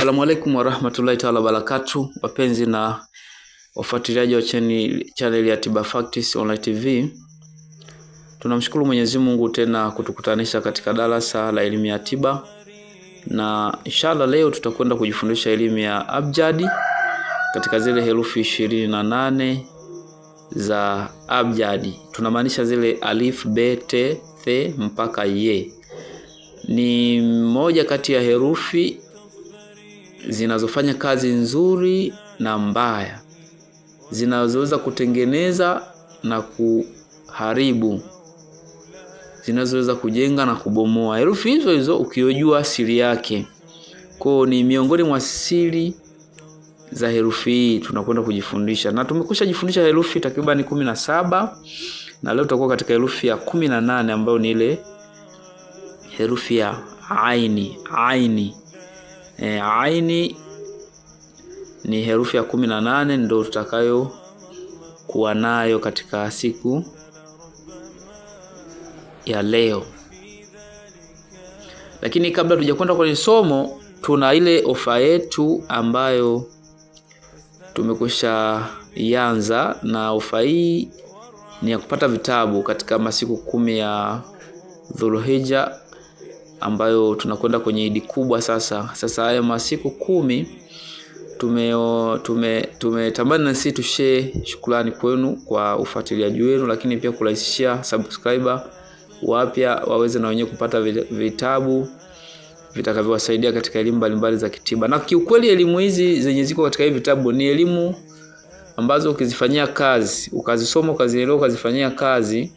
Assalamu alaikum warahmatullahi taala wabarakatu, wapenzi na wafuatiliaji wa chaneli ya Tiba Facts Online TV. Tunamshukuru Mwenyezi Mungu tena kutukutanisha katika darasa la elimu ya tiba, na inshallah leo tutakwenda kujifundisha elimu ya abjadi katika zile herufi ishirini na nane za abjadi, tunamaanisha zile alif, be, te, the mpaka ye. Ni moja kati ya herufi zinazofanya kazi nzuri na mbaya, zinazoweza kutengeneza na kuharibu, zinazoweza kujenga na kubomoa. Herufi hizo hizo ukiyojua siri yake kwao, ni miongoni mwa siri za herufi hii tunakwenda kujifundisha, na tumekusha jifundisha herufi takriban kumi na saba na leo tutakuwa katika herufi ya kumi na nane ambayo ni ile herufi ya aini. Aini E, aini ni herufi ya kumi na nane ndio tutakayo kuwa nayo katika siku ya leo. Lakini kabla tujakwenda kwenye somo, tuna ile ofa yetu ambayo tumekusha ianza, na ofa hii ni ya kupata vitabu katika masiku kumi ya Dhulhijja ambayo tunakwenda kwenye idi kubwa sasa. Sasa haya masiku kumi tumetamani tume, tume na sisi tushee shukrani kwenu kwa ufuatiliaji wenu, lakini pia kurahisishia subscriber wapya waweze na wenyewe kupata vitabu vitakavyowasaidia katika elimu mbalimbali za kitiba. Na kiukweli elimu hizi zenye ziko katika hivi vitabu ni elimu ambazo ukizifanyia kazi, ukazisoma, ukazielewa, ukazifanyia kazi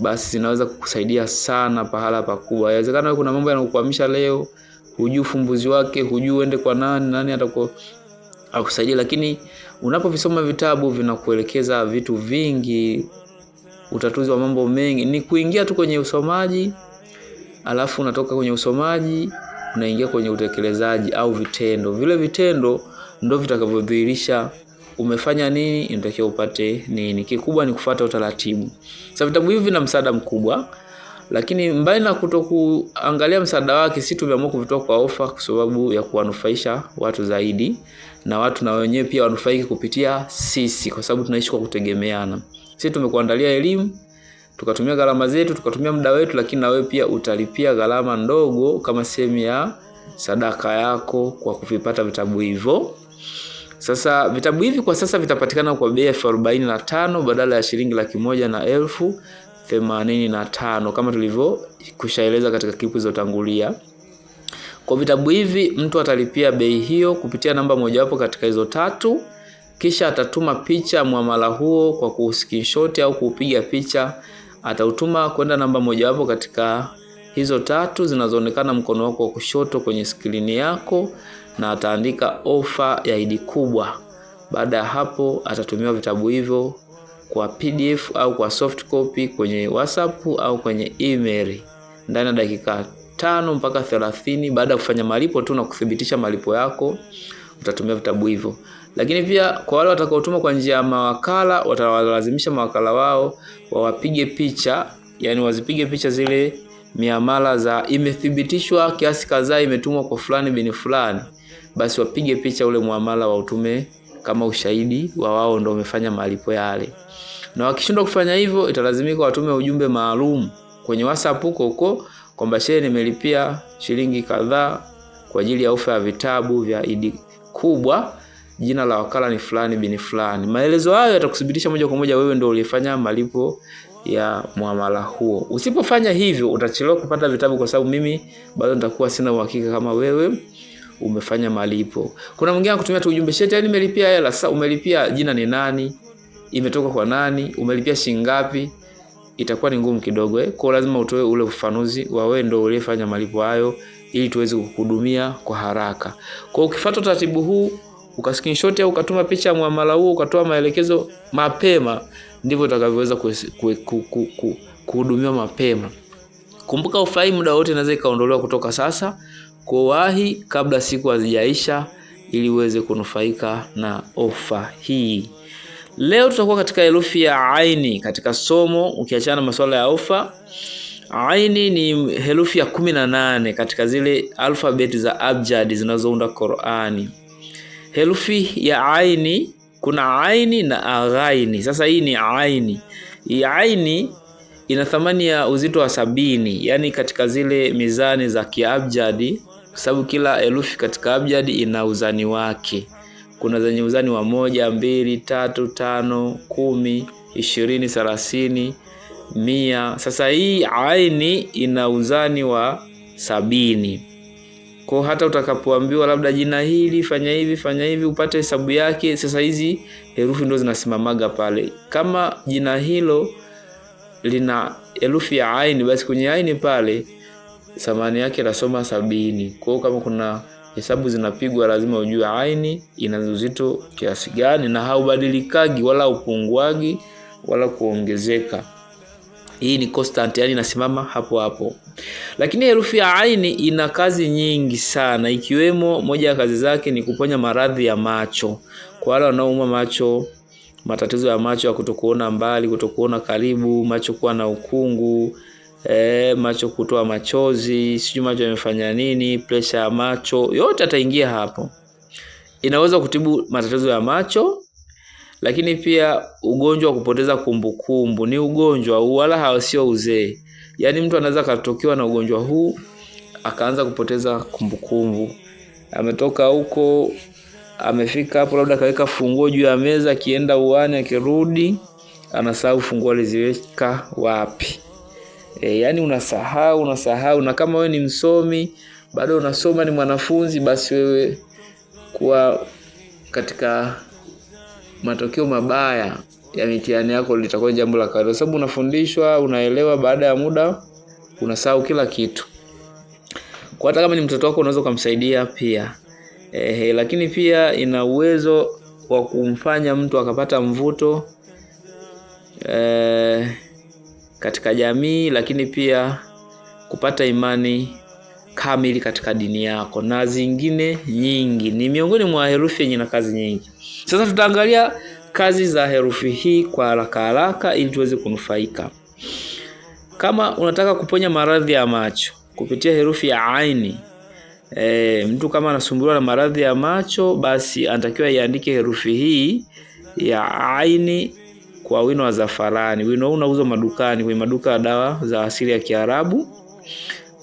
basi zinaweza kukusaidia sana pahala pakubwa. Inawezekana kuna mambo yanakukwamisha leo, hujui ufumbuzi wake, hujui uende kwa nani, nani atakuwa akusaidia, lakini unapovisoma vitabu vinakuelekeza vitu vingi, utatuzi wa mambo mengi. Ni kuingia tu kwenye usomaji, alafu unatoka kwenye usomaji unaingia kwenye utekelezaji au vitendo. Vile vitendo ndo vitakavyodhihirisha umefanya nini, inatakiwa upate nini. Kikubwa ni kufuata utaratibu. Sasa vitabu hivi vina msaada mkubwa, lakini mbali na kutokuangalia msaada wake, sisi tumeamua kuvitoa kwa ofa kwa sababu ya kuwanufaisha watu zaidi, na watu na wenyewe pia wanufaiki kupitia sisi, kwa sababu tunaishi kwa kutegemeana. Sisi tumekuandalia elimu tukatumia gharama zetu, tukatumia muda wetu, lakini na wewe pia utalipia gharama ndogo kama sehemu ya sadaka yako kwa kuvipata vitabu hivyo. Sasa vitabu hivi kwa sasa vitapatikana kwa bei ya elfu arobaini na tano badala ya shilingi laki moja na elfu themanini na tano kama tulivyo kushaeleza katika klipu zilizotangulia. Kwa vitabu hivi mtu atalipia bei hiyo kupitia namba mojawapo katika hizo tatu, kisha atatuma picha muamala huo kwa kuskinshot au kuupiga picha, atautuma kwenda namba mojawapo katika hizo tatu zinazoonekana mkono wako wa kushoto kwenye skrini yako na ataandika ofa ya idi kubwa. Baada ya hapo, atatumiwa vitabu hivyo kwa PDF au kwa soft copy kwenye WhatsApp au kwenye email ndani ya dakika tano mpaka thelathini. Baada ya kufanya malipo tu na kuthibitisha malipo yako utatumia vitabu hivyo. Lakini pia kwa wale watakaotuma kwa njia ya mawakala, watawalazimisha mawakala wao wawapige picha, yani wazipige picha zile miamala za imethibitishwa, kiasi kadhaa imetumwa kwa fulani bin fulani, basi wapige picha ule muamala wa utume kama ushahidi wa wao ndio wamefanya malipo yale, na wakishindwa kufanya hivyo, italazimika watume ujumbe maalum kwenye WhatsApp huko huko kwamba shehe, nimelipia shilingi kadhaa kwa ajili ya ofa ya vitabu vya Idi kubwa, jina la wakala ni fulani bin fulani. Maelezo hayo yatakuthibitisha moja kwa moja wewe ndio ulifanya malipo ya muamala huo. Usipofanya hivyo utachelewa kupata vitabu, kwa sababu mimi bado nitakuwa sina uhakika kama wewe umefanya malipo. Kuna mwingine akutumia tu ujumbe sheti, yani nimelipia hela. Sasa umelipia, jina ni nani, imetoka kwa nani, umelipia shilingi ngapi? Itakuwa ni ngumu kidogo eh. Kwa lazima utoe ule ufafanuzi wa wewe ndio uliyefanya malipo hayo, ili tuweze kukuhudumia kwa haraka. Kwa ukifuata utaratibu huu ukascreenshot au ukatuma picha ya muamala huo, ukatoa maelekezo mapema, ndivyo utakavyoweza kuhudumiwa mapema. Kumbuka, ufai muda wote inaweza ikaondolewa kutoka sasa, kuwahi kabla siku hazijaisha, ili uweze kunufaika na ofa hii. Leo tutakuwa katika herufi ya aini katika somo, ukiachana na masuala ya ofa. Aini ni herufi ya kumi na nane katika zile alfabeti za abjadi zinazounda Qur'ani herufi ya aini, kuna aini na aghaini. Sasa hii ni aini. Hii aini ina thamani ya uzito wa sabini, yaani katika zile mizani za kiabjadi, kwa sababu kila herufi katika abjadi ina uzani wake. Kuna zenye uzani wa moja, mbili, tatu, tano, kumi, ishirini, thelathini, mia. Sasa hii aini ina uzani wa sabini. Kwa hata utakapoambiwa labda jina hili fanya hivi fanya hivi, upate hesabu yake. Sasa hizi herufi ndio zinasimamaga pale. Kama jina hilo lina herufi ya aini, basi kwenye aini pale thamani yake inasoma sabini. Kwa hiyo kama kuna hesabu zinapigwa, lazima ujue aini ina uzito kiasi gani, na haubadilikagi wala upunguagi wala kuongezeka. Hii ni constant, yani inasimama hapo hapo. Lakini herufi ya aini ina kazi nyingi sana, ikiwemo moja ya kazi zake ni kuponya maradhi ya macho kwa wale wanaouma macho, matatizo ya macho ya kutokuona mbali, kutokuona karibu, macho kuwa na ukungu E, macho kutoa machozi, sijui macho yamefanya nini, presha ya macho, yote ataingia hapo. Inaweza kutibu matatizo ya macho, lakini pia ugonjwa wa kupoteza kumbukumbu ni ugonjwa wala sio uzee, yaani mtu anaweza akatokewa na ugonjwa huu akaanza kupoteza kumbukumbu. Ametoka huko amefika hapo, labda akaweka funguo juu ya meza, akienda uani, akirudi anasahau funguo aliziweka wapi. E, yani unasahau unasahau, na kama wewe ni msomi bado unasoma, ni mwanafunzi, basi wewe kuwa katika matokeo mabaya ya mitihani yako litakuwa jambo la kawaida, sababu unafundishwa, unaelewa, baada ya muda unasahau kila kitu. Kwa hata kama ni mtoto wako unaweza kumsaidia pia ehe, lakini pia ina uwezo wa kumfanya mtu akapata mvuto e, katika jamii, lakini pia kupata imani kamili katika dini yako na zingine nyingi. Ni miongoni mwa herufi yenye na kazi nyingi. Sasa tutaangalia kazi za herufi hii kwa haraka haraka ili tuweze kunufaika. Kama unataka kuponya maradhi ya macho kupitia herufi ya aini, e, mtu kama anasumbuliwa na maradhi ya macho, basi anatakiwa iandike herufi hii ya aini kwa wino wa zafarani. Wino huu unauzwa madukani, kwenye maduka ya dawa za asili ya Kiarabu.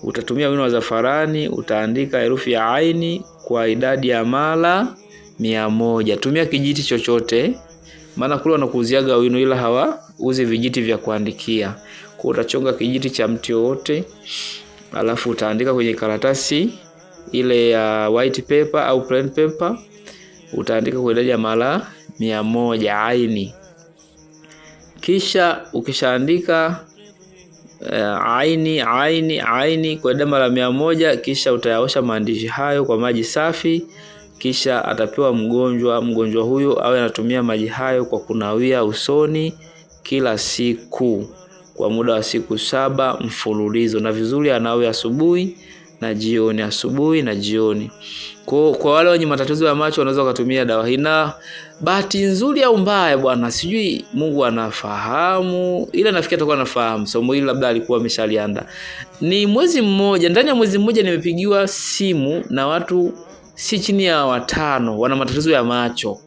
Utatumia wino wa zafarani, utaandika herufi ya aini kwa idadi ya mara mia moja. Tumia kijiti chochote, maana kule wanakuuziaga wino, ila uzi vijiti vya kuandikia. Kwa utachonga kijiti cha mti wowote, alafu utaandika kwenye karatasi ile ya white paper au plain paper, utaandika kwa idadi ya mara mia moja aini. Kisha ukishaandika uh, aini aini aini kwa idadi mara mia moja, kisha utayaosha maandishi hayo kwa maji safi kisha atapewa mgonjwa. Mgonjwa huyo awe anatumia maji hayo kwa kunawia usoni kila siku kwa muda wa siku saba mfululizo, na vizuri anawe asubuhi na jioni, asubuhi na jioni. Kwa, kwa wale wenye matatizo ya macho wanaweza wakatumia dawa hii, na bahati nzuri au mbaya, bwana sijui Mungu anafahamu, ila nafikiri atakuwa anafahamu somo hili, labda alikuwa ameshalianda. Ni mwezi mmoja, ndani ya mwezi mmoja nimepigiwa simu na watu si chini ya watano wana matatizo ya macho.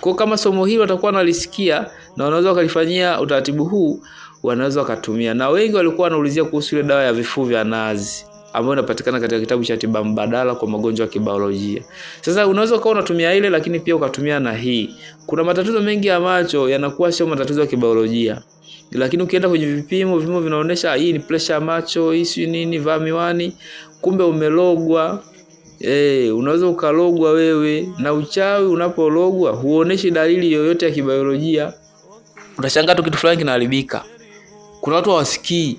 Kwa kama somo hili watakuwa wanalisikia na wanaweza wakalifanyia utaratibu huu, wanaweza wakatumia. Na wengi walikuwa wanaulizia kuhusu ile dawa ya vifuu vya nazi ambayo inapatikana katika kitabu cha tiba mbadala kwa magonjwa ya kibiolojia. Sasa unaweza ukawa unatumia ile, lakini pia ukatumia na hii. Kuna matatizo mengi ya macho yanakuwa sio matatizo ya kibiolojia, lakini ukienda kwenye vipimo, vipimo vinaonyesha hii ni pressure ya macho, hii si nini, vaa miwani, kumbe umelogwa e, unaweza ukalogwa wewe, na uchawi unapologwa huoneshi dalili yoyote ya kibiolojia. Utashangaa tu kitu fulani kinaharibika. Kuna watu hawasikii,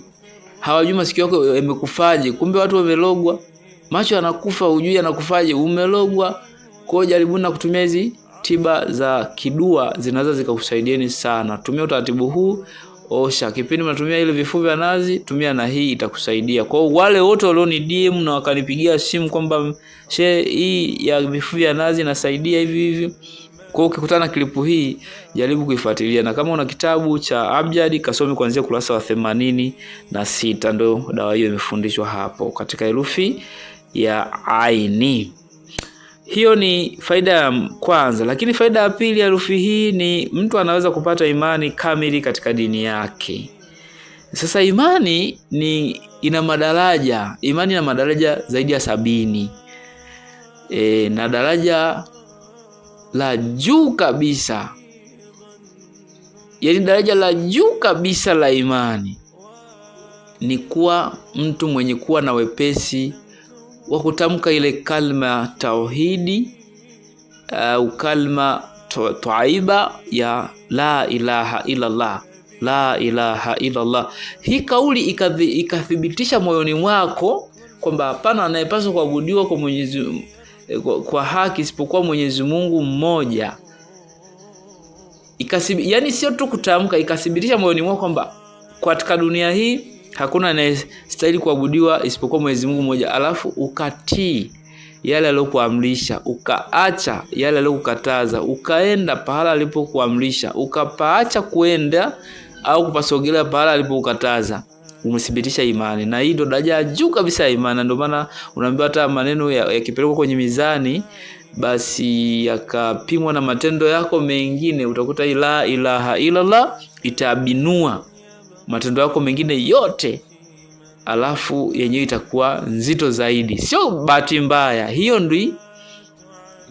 hawajui masikio yako yamekufaje, kumbe watu wamelogwa. Macho yanakufa, hujui yanakufaje, umelogwa. Kwa hiyo jaribuni na kutumia hizi tiba za kidua zinaweza zikakusaidieni sana. Tumia utaratibu huu osha. Kipindi unatumia ile vifuu vya nazi, tumia na hii itakusaidia. Kwa hiyo wale wote walioni DM na wakanipigia simu kwamba she, hii ya vifuu vya nazi inasaidia hivi hivi. Kwa hiyo ukikutana na klipu hii jaribu kuifuatilia, na kama una kitabu cha Abjad kasome kuanzia kurasa wa themanini na sita ndio dawa hiyo imefundishwa hapo katika herufi ya aini. Hiyo ni faida ya kwanza, lakini faida ya pili ya rufi hii ni mtu anaweza kupata imani kamili katika dini yake. Sasa imani ni ina madaraja, imani ina madaraja zaidi ya sabini e, na daraja la juu kabisa, yaani daraja la juu kabisa la imani ni kuwa mtu mwenye kuwa na wepesi wa kutamka ile kalma tauhidi au uh, kalma taiba ya la ilaha illa Allah, la ilaha illa Allah. Hii kauli ikathibitisha moyoni mwako kwamba hapana anayepaswa kuabudiwa kwa Mwenyezi kwa, kwa haki isipokuwa Mwenyezi Mungu mmoja. Ikasibi, yani sio tu kutamka, ikathibitisha moyoni mwako kwamba katika dunia hii Hakuna anayestahili kuabudiwa isipokuwa Mwenyezi Mungu mmoja. Alafu ukatii yale aliyokuamrisha, ukaacha yale aliyokukataza, ukaenda pahala alipokuamrisha, ukapaacha kuenda au kupasogelea pahala alipokukataza, umethibitisha imani, na hii ndo daraja ya juu kabisa ya imani. Ndio maana unaambiwa hata maneno yakipelekwa ya kwenye mizani basi yakapimwa na matendo yako mengine, utakuta ila ilaha la itabinua matendo yako mengine yote, alafu yenyewe itakuwa nzito zaidi. Sio bahati mbaya hiyo, ndi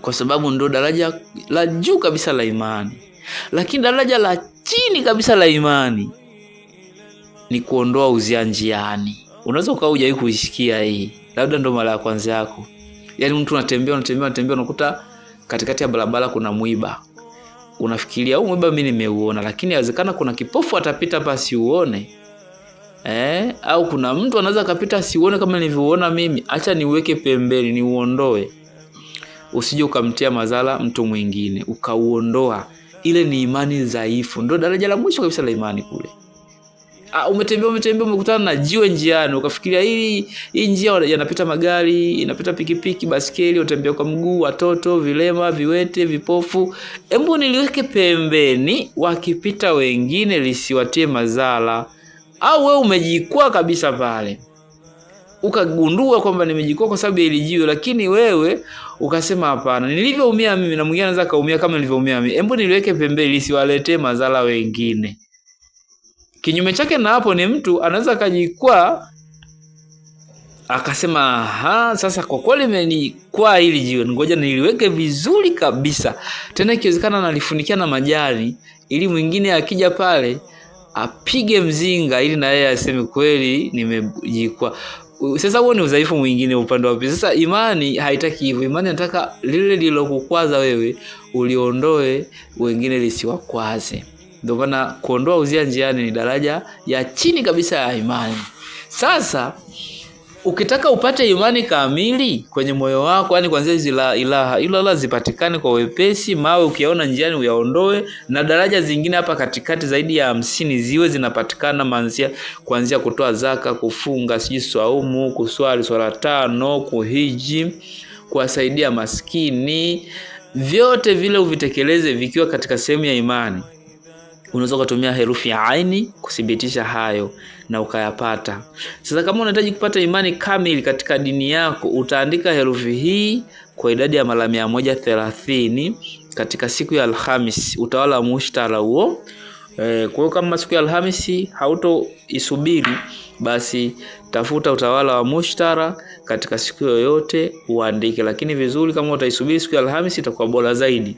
kwa sababu ndo daraja la juu kabisa la imani, lakini daraja la chini kabisa la imani ni kuondoa uzia njiani. Unaweza ukawa hujawahi kuisikia hii, labda ndo mara ya kwanza yako. Yaani mtu unatembea unatembea unatembea, unakuta katikati ya barabara kuna mwiba unafikiria huu mwiba mimi nimeuona, lakini inawezekana kuna kipofu atapita hapa asiuone eh, au kuna mtu anaweza akapita asiuone kama nilivyoona mimi. Acha niuweke pembeni, niuondoe, usije ukamtia madhara mtu mwingine ukauondoa. Ile ni imani dhaifu, ndio daraja la mwisho kabisa la imani kule. Ah, umetembea umetembea umekutana na jiwe njiani ukafikiria hii hii njia yanapita magari inapita pikipiki baskeli utembea kwa mguu watoto vilema viwete vipofu hebu niliweke pembeni wakipita wengine lisiwatie madhara au wewe umejikwaa kabisa pale ukagundua kwamba nimejikoa kwa sababu ya hili jiwe, lakini wewe ukasema hapana, nilivyoumia mimi na mwingine anaweza kaumia kama nilivyoumia mimi, hebu niliweke pembeni lisiwaletee madhara wengine. Kinyume chake na hapo ni mtu anaweza akajikwaa akasema ha, sasa kwa kweli imenikwaa hili jiwe, ngoja niliweke vizuri kabisa, tena ikiwezekana nalifunikia na majani, ili mwingine akija pale apige mzinga, ili na yeye aseme kweli nimejikwaa. Sasa huo ni udhaifu mwingine upande wa pili. Sasa imani haitaki hivyo. Imani inataka lile lililokukwaza wewe uliondoe, wengine lisiwakwaze. Ndio maana kuondoa uzia njiani ni daraja ya chini kabisa ya imani. Sasa ukitaka upate imani kamili kwenye moyo wako, yani kwanzia hizi ilaha ila zipatikane kwa wepesi, mawe ukiona njiani uyaondoe, na daraja zingine hapa katikati zaidi ya hamsini ziwe zinapatikana manzia, kuanzia kutoa zaka, kufunga, sijui swaumu, kuswali swala tano, kuhiji, kuwasaidia maskini, vyote vile uvitekeleze vikiwa katika sehemu ya imani unaweza ukatumia herufi ya aini kuthibitisha hayo na ukayapata. Sasa kama unahitaji kupata imani kamili katika dini yako, utaandika herufi hii kwa idadi ya mara mia moja thelathini katika siku ya Alhamisi, utawala mushtara huo. E, kwa hiyo kama siku ya Alhamisi hautoisubiri basi tafuta utawala wa mushtara katika siku yoyote uandike, lakini vizuri kama utaisubiri siku ya Alhamisi itakuwa bora zaidi.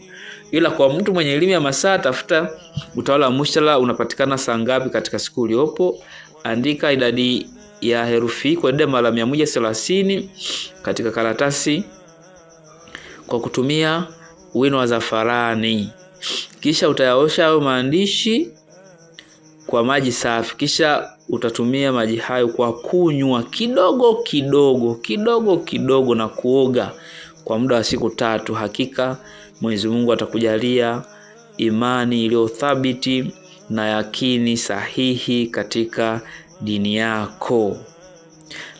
Ila kwa mtu mwenye elimu ya masaa, tafuta utawala wa mushtara unapatikana saa ngapi katika siku uliopo. Andika idadi ya herufi kwa dida mara 130 katika karatasi kwa kutumia wino wa zafarani, kisha utayaosha hayo maandishi kwa maji safi, kisha utatumia maji hayo kwa kunywa kidogo kidogo kidogo kidogo na kuoga kwa muda wa siku tatu. Hakika Mwenyezi Mungu atakujalia imani iliyo thabiti na yakini sahihi katika dini yako.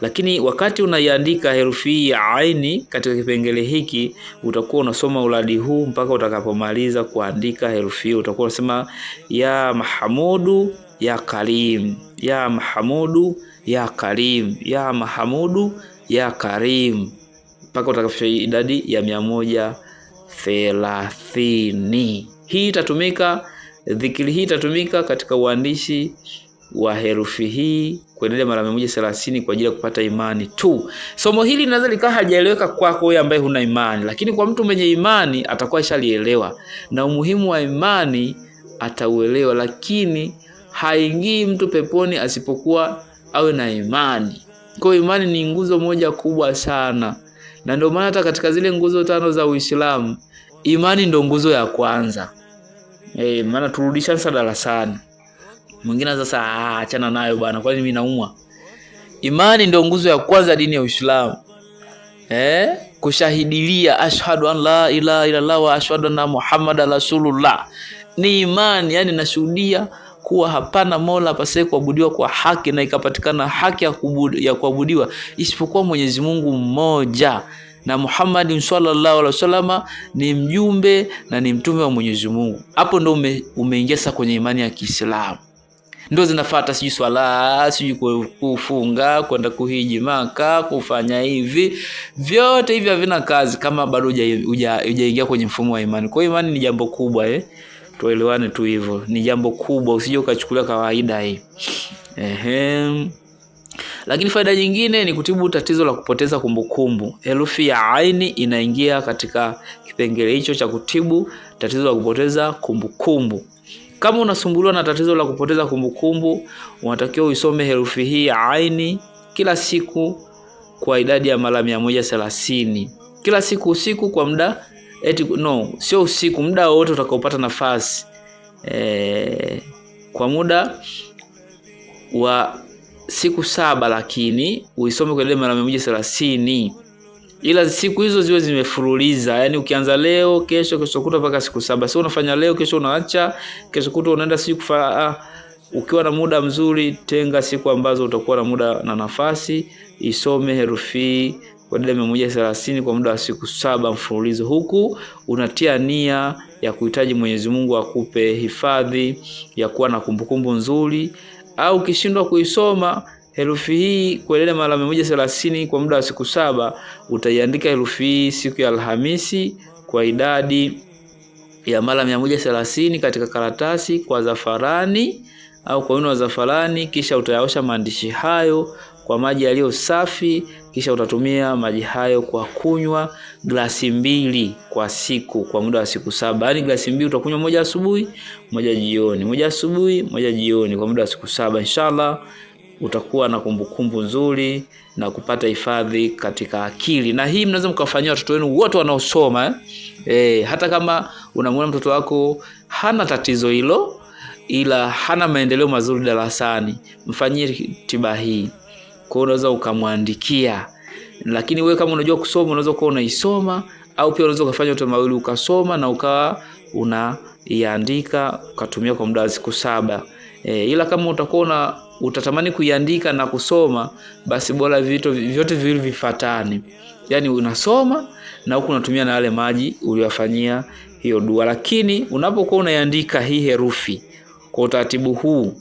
Lakini wakati unaiandika herufi hii ya aini katika kipengele hiki, utakuwa unasoma uradi huu mpaka utakapomaliza kuandika herufi hii. Utakuwa unasema ya Mahamudu ya Karim, ya Mahamudu ya Karim, ya Mahamudu ya Karim mpaka utakapofikia idadi ya mia moja thelathini. Hii itatumika dhikiri hii itatumika katika uandishi wa herufi hii kuendelea mara mia moja thelathini kwa ajili ya kupata imani tu. Somo hili linaweza likawa hajaeleweka kwako wewe ambaye huna imani, lakini kwa mtu mwenye imani atakuwa shalielewa na umuhimu wa imani atauelewa, lakini haingii mtu peponi asipokuwa awe na imani. Kwa hiyo imani ni nguzo moja kubwa sana, na ndio maana hata katika zile nguzo tano za Uislamu imani ndo nguzo ya kwanza e, maana turudishane sasa darasani. Mwingine sasa ah, achana nayo bana, kwani mimi naumwa? Imani ndo nguzo ya kwanza dini ya Uislamu eh? Kushahidilia ashhadu an la ilaha illallah wa ashhadu anna muhammadan rasulullah ni imani, yani nashuhudia kuwa hapana mola pasee kuabudiwa kwa haki na ikapatikana haki ya kuabudiwa isipokuwa Mwenyezi Mungu mmoja na Muhammad sallallahu alaihi wasallam ni mjumbe na ni mtume wa Mwenyezi Mungu. Hapo ndo ume, umeingia sasa kwenye imani ya Kiislamu, ndo zinafuata sijui swala sijui kufunga kwenda kuhiji Maka kufanya hivi vyote hivi havina kazi kama bado hujaingia kwenye mfumo wa imani. Kwa hiyo imani ni jambo kubwa eh? Tuelewane tu hivyo, ni jambo kubwa, usije ukachukulia kawaida hii. Ehem. Lakini faida nyingine ni kutibu tatizo la kupoteza kumbukumbu. Herufi ya aini inaingia katika kipengele hicho cha kutibu tatizo la kupoteza kumbukumbu. Kama unasumbuliwa na tatizo la kupoteza kumbukumbu, unatakiwa uisome herufi hii ya aini kila siku kwa idadi ya mara mia moja thelathini kila siku, usiku kwa muda eti, no, sio usiku, muda wote utakaopata nafasi e, kwa muda wa siku saba, lakini uisome kwa ile mara mia moja thelathini ila siku hizo ziwe zimefululiza, yani ukianza leo, kesho, kesho kuta mpaka siku saba. Sio unafanya leo, kesho unaacha, kesho kuta unaenda sijui kufa. Ah, ukiwa na muda mzuri, tenga siku ambazo utakuwa na muda na nafasi, isome herufi kwa dada mia moja thelathini kwa muda wa siku saba mfululizo, huku unatia nia ya kuhitaji Mwenyezi Mungu akupe hifadhi ya kuwa na kumbukumbu nzuri au ukishindwa kuisoma herufi hii kuelele mara mia moja thelathini kwa muda wa siku saba, utaiandika herufi hii siku ya Alhamisi kwa idadi ya mara mia moja thelathini katika karatasi kwa zafarani au kwa wino wa zafarani, kisha utayaosha maandishi hayo kwa maji yaliyo safi, kisha utatumia maji hayo kwa kunywa glasi mbili kwa siku kwa muda wa siku saba. Yaani glasi mbili utakunywa moja asubuhi, moja jioni, moja asubuhi, moja jioni kwa muda wa siku saba. Inshallah utakuwa na kumbukumbu nzuri na kupata hifadhi katika akili, na hii mnaweza mkafanyia watoto wenu wote wanaosoma eh? E, hata kama unamwona mtoto wako hana tatizo hilo ila hana maendeleo mazuri darasani, mfanyie tiba hii. Kwa unaweza ukamwandikia, lakini wewe kama unajua kusoma unaweza kuwa unaisoma au pia unaweza ukafanya yote mawili, ukasoma na ukawa unaiandika ukatumia kwa muda wa siku saba. E, ila kama utakuwa una utatamani kuiandika na kusoma, basi bora vitu vyote viwili vifatane, yaani unasoma na huku unatumia na yale maji uliyofanyia hiyo dua. Lakini unapokuwa unaiandika hii herufi kwa utaratibu huu,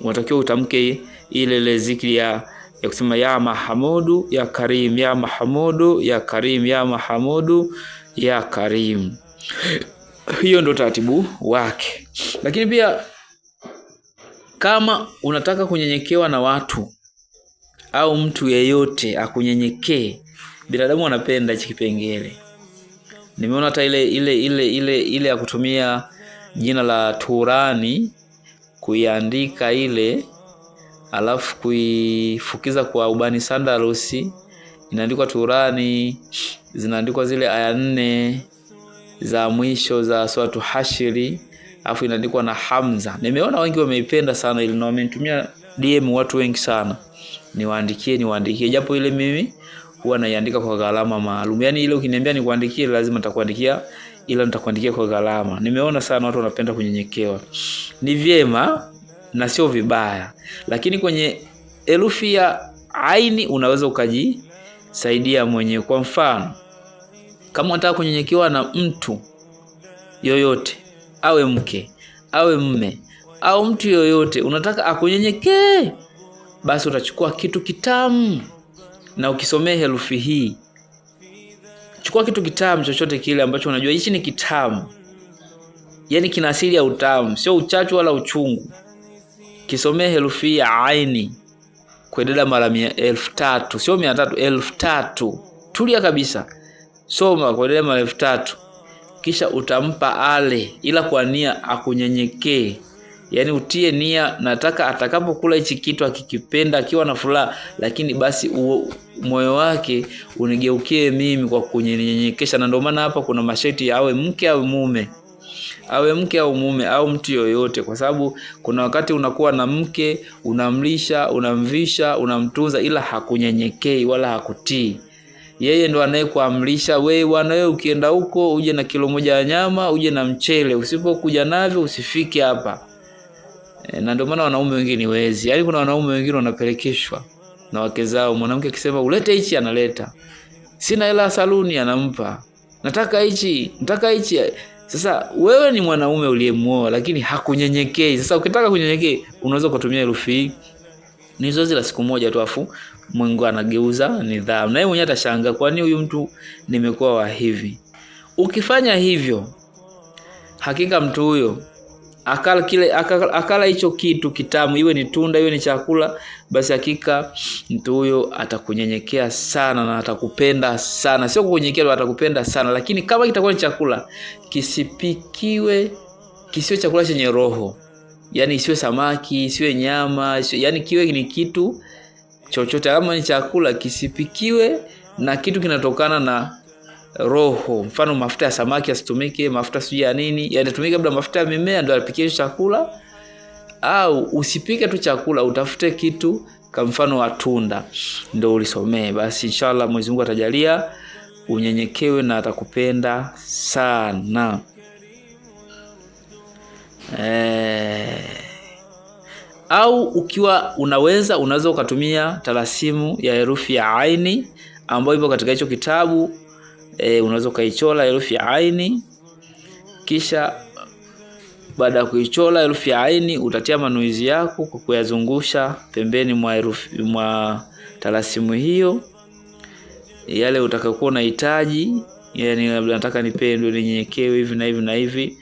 unatakiwa utamke ile ile zikri ya ya kusema ya Mahamudu ya Karim, ya Mahamudu ya Karim, ya Mahamudu ya Karim. Hiyo ndio taratibu wake. Lakini pia kama unataka kunyenyekewa na watu au mtu yeyote akunyenyekee, binadamu wanapenda hichi kipengele. Nimeona hata ile ile ile ile ile ya kutumia jina la Turani kuiandika ile alafu kuifukiza kwa ubani sandarusi inaandikwa turani, zinaandikwa zile aya nne za mwisho za Suratu Hashiri, alafu inaandikwa na hamza. Nimeona wengi wameipenda sana ili na wamenitumia DM watu wengi sana, niwaandikie niwaandikie, japo ile mimi huwa naiandika kwa gharama maalum. Yani ile ukiniambia nikuandikie, lazima nitakuandikia, ila nitakuandikia kwa gharama. Nimeona sana watu wanapenda kunyenyekewa, ni vyema na sio vibaya, lakini kwenye herufi ya aini unaweza ukajisaidia mwenyewe. Kwa mfano, kama unataka kunyenyekewa na mtu yoyote, awe mke, awe mme au mtu yoyote, unataka akunyenyekee, basi utachukua kitu kitamu na ukisomea herufi hii. Chukua kitu kitamu chochote kile ambacho unajua hichi ni kitamu, yaani kina asili ya utamu, sio uchachu wala uchungu kisomee herufi ya aini kuidada mara mia elfu tatu sio mia tatu elfu tatu tulia kabisa soma kuidada mara elfu tatu kisha utampa ale ila kwa nia akunyenyekee yaani utie nia nataka atakapokula hichi kitu akikipenda akiwa na furaha lakini basi moyo wake unigeukie mimi kwa kunyenyekesha na ndio maana hapa kuna masharti awe mke awe mume awe mke au mume au mtu yoyote, kwa sababu kuna wakati unakuwa na mke unamlisha, unamvisha, unamtunza, ila hakunyenyekei wala hakutii. Yeye ndo anayekuamrisha wewe, bwana wewe, ukienda huko uje na kilo moja ya nyama, uje na mchele, usipokuja navyo usifike hapa. E, na ndio maana wanaume wengi ni wezi. Yaani kuna wanaume wengine wanapelekeshwa na wake zao, mwanamke akisema ulete hichi analeta, sina hela saluni, anampa nataka hichi, nataka hichi sasa wewe ni mwanaume uliyemwoa lakini hakunyenyekei. Sasa ukitaka kunyenyekei unaweza kutumia herufi hii. Ni zoezi la siku moja tu afu Mungu anageuza nidhamu. Na yeye mwenyewe atashangaa nini huyu mtu nimekuwa wa hivi. Ukifanya hivyo hakika mtu huyo akala kile akala, akala hicho kitu kitamu, iwe ni tunda iwe ni chakula, basi hakika mtu huyo atakunyenyekea sana na atakupenda sana, sio kukunyenyekea, atakupenda sana. Lakini kama kitakuwa ni chakula, kisipikiwe kisiwe chakula chenye roho, yani isiwe samaki, isiwe nyama, isiwe, yani kiwe ni kitu chochote, kama ni chakula kisipikiwe na kitu kinatokana na roho, mfano mafuta ya samaki yasitumike, mafuta sijui ya nini yanatumika, labda mafuta ya mimea ndio apikie chakula, au usipike tu chakula, utafute kitu kama mfano wa tunda ndio ulisomee. Basi inshallah Mwenyezi Mungu atajalia unyenyekewe na atakupenda sana. E, au ukiwa unaweza unaweza ukatumia talasimu ya herufi ya aini ambayo ipo katika hicho kitabu e, unaweza ukaichora herufi ya aini, kisha baada ya kuichora herufi ya aini utatia manuizi yako kwa kuyazungusha pembeni mwa herufi mwa tarasimu hiyo, yale utakayokuwa unahitaji, yani labda nataka nipendwe, ninyenyekewe hivi na hivi na hivi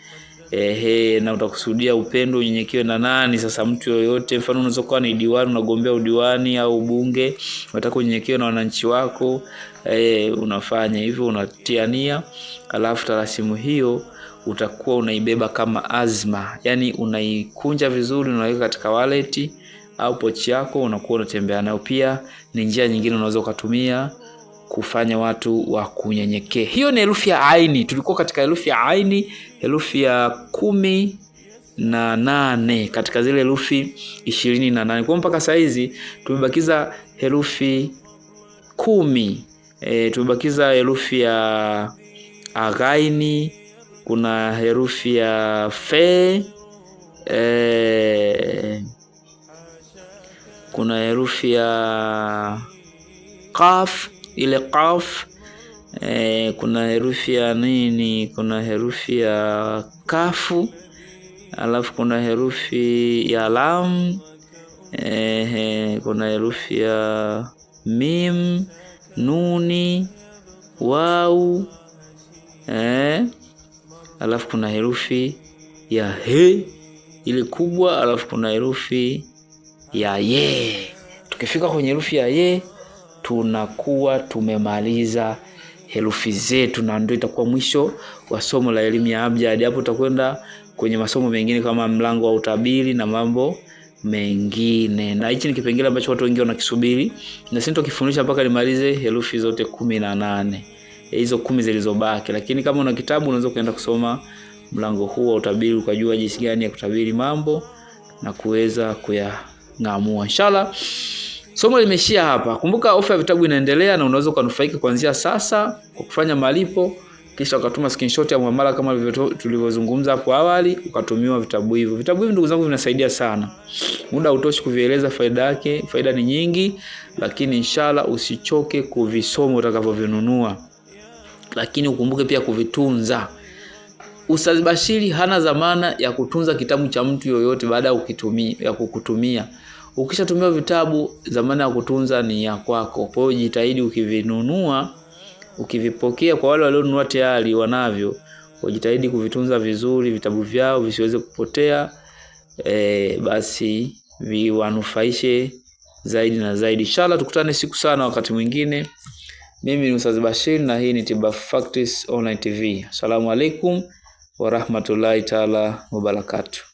ehe, na utakusudia upendo, unyenyekewe na nani? Sasa mtu yoyote, mfano unaweza kuwa ni diwani, unagombea udiwani au ubunge, unataka unyenyekewe na wananchi wako e, unafanya hivyo, unatiania alafu tarasimu hiyo utakuwa unaibeba kama azma, yani unaikunja vizuri, unaweka katika waleti au pochi yako, unakuwa unatembea nayo. Pia ni njia nyingine unaweza ukatumia kufanya watu wa kunyenyekee. Hiyo ni herufi ya aini. Tulikuwa katika herufi ya aini, herufi ya kumi na nane katika zile herufi ishirini na nane kwa mpaka saa hizi tumebakiza herufi kumi. E, tumebakiza herufi ya aghaini, kuna herufi ya fe e, kuna herufi ya kaf ile qaf e, kuna herufi ya nini, kuna herufi ya kafu, alafu kuna herufi ya lam e, kuna herufi ya mim, nuni, wau e, eh, alafu kuna herufi ya he ile kubwa, alafu kuna herufi ya ye. Tukifika kwenye herufi ya ye tunakuwa tumemaliza herufi zetu, na ndio itakuwa mwisho wa somo la elimu ya abjadi. Hapo tutakwenda kwenye masomo mengine kama mlango wa utabiri na mambo mengine na hichi ni kipengele ambacho watu wengi wanakisubiri, na tukifundisha mpaka nimalize herufi zote kumi na nane hizo kumi zilizobaki. Lakini kama una kitabu unaweza kuenda kusoma mlango huu wa utabiri ukajua jinsi gani ya kutabiri mambo na kuweza kuyang'amua. Inshallah. Somo limeishia hapa. Kumbuka ofa ya vitabu inaendelea na unaweza ukanufaika kuanzia sasa kwa kufanya malipo kisha ukatuma screenshot ya muamala kama tulivyozungumza hapo awali, ukatumiwa vitabu hivyo. Vitabu hivi ndugu zangu, vinasaidia sana, muda hautoshi kuvieleza faida yake. Faida ni nyingi, lakini inshallah usichoke kuvisoma utakavyovinunua, lakini ukumbuke pia kuvitunza. Ustadh Bashiri hana dhamana ya kutunza kitabu cha mtu yoyote baada ya kukitumia ya kukutumia. Ukishatumia vitabu, dhamana ya kutunza ni ya kwako. Kwa hiyo jitahidi ukivinunua, ukivipokea kwa wale walionunua tayari wanavyo, ujitahidi kuvitunza vizuri vitabu vyao visiweze kupotea. E, basi viwanufaishe zaidi na zaidi. Inshallah tukutane siku sana wakati mwingine. Mimi ni Ustadh Bashir na hii ni Tiba Facts Online TV. Assalamu alaikum warahmatullahi taala wabarakatuh.